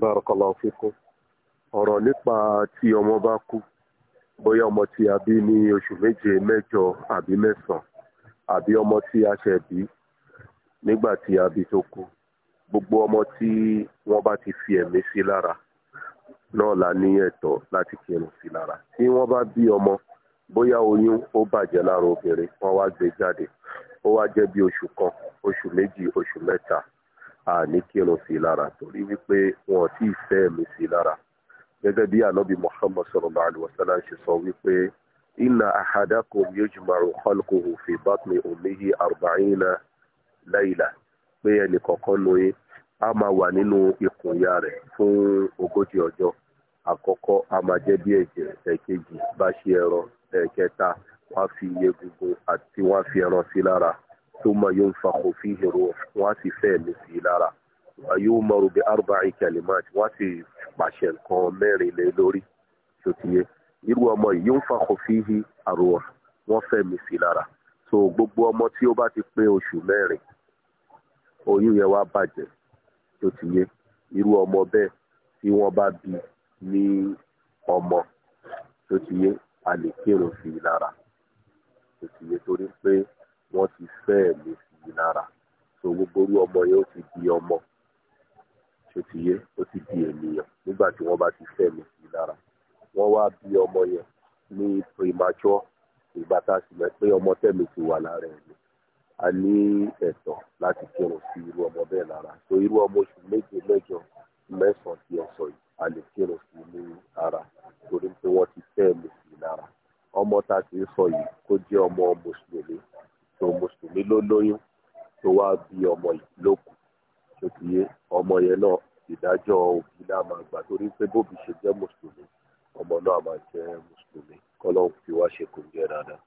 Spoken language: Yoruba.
barakallahu fikum ọ̀rọ̀ nípa tí ọmọ bá kú bóyá ọmọ tí a bí ní oṣù méje mẹ́jọ àbí mẹ́sàn-án àbí ọmọ tí a ṣẹ̀ bí nígbà tí a bí tó kú gbogbo ọmọ tí wọ́n bá ti fi ẹ̀mí sí lára náà la ní ẹ̀tọ́ láti kírun sí lára tí wọ́n bá bí ọmọ bóyá oyún ó bàjẹ́ lára obìnrin wọ́n wá gbé jáde ó wá jẹ́ bí oṣù kan oṣù méjì oṣù mẹ́ta a ní kírun sí i lára torí wípé wọn ò tí ì fẹ́ mi sí i lára gẹ́gẹ́ bí ànábì muhammad sallallahu alaihi wasallam ṣe sọ wípé inna ahadakum yujmaru khalquhu fi batni ummihi arba'ina layla pé ẹnì kọ̀ọ̀kan nu a máa wà nínú ikùn rẹ̀ fún ogójì ọjọ́ àkọ́kọ́ a máa jẹ́ bí ẹ̀jẹ̀ ẹ̀kejì bá ṣe ẹran ẹ̀kẹta wọ́n á fi egungun àti wọ́n fi ẹran sí lára thumma yunfakhu fihi ruh wọ́n á sì fẹ́ mi sí i lára yóò mọ̀rù bí arba'i kalimat wọ́n á sì pàṣẹ nǹkan mẹ́rin lé lórí tó ti yé irú ọmọ yìí yunfakhu fihi ruh wọ́n fẹ́ mi sí i lára so gbogbo ọmọ tí ó bá ti pé oṣù mẹ́rin oyún yẹn wá bàjẹ́ tó ti yé irú ọmọ bẹ́ẹ̀ tí wọ́n bá bí ní ọmọ tó ti yé a lè kírun sí i lára tó ti yé torí pé wọ́n ti fẹ́ẹ̀ lè sí lára so gbogbo orú ọmọ yẹn ó ti di ọmọ tó ti yé ó ti di ènìyàn nígbà tí wọ́n bá ti fẹ́ẹ̀ lè sí i lára wọ́n wá bí ọmọ yẹn ní premature ìgbà tá a sì mọ̀ pé ọmọ tẹ̀mí ti wà lára ẹ̀ ni a ní ẹ̀tọ́ láti kírun sí irú ọmọ bẹ́ẹ̀ lára so irú ọmọ oṣù méje mẹ́jọ mẹ́sàn-án ti ọ̀sọ̀ yìí a lè kírun sí ní ara torí pé wọ́n ti fẹ́ẹ̀ lè sí i lára ọmọ tá a ti ń sọ yìí kó jẹ́ ọmọ mùsùlùmí tó mùsùlùmí ló lóyún tó wá bí ọmọ ìlókù tó ti yé ọmọ yẹn náà ìdájọ́ òbí náà máa gbà torí pé bóbi ṣe jẹ́ mùsùlùmí ọmọ náà máa jẹ́ mùsùlùmí kọ́lọ́hún fi wá ṣe kò ń jẹ́ dáadáa.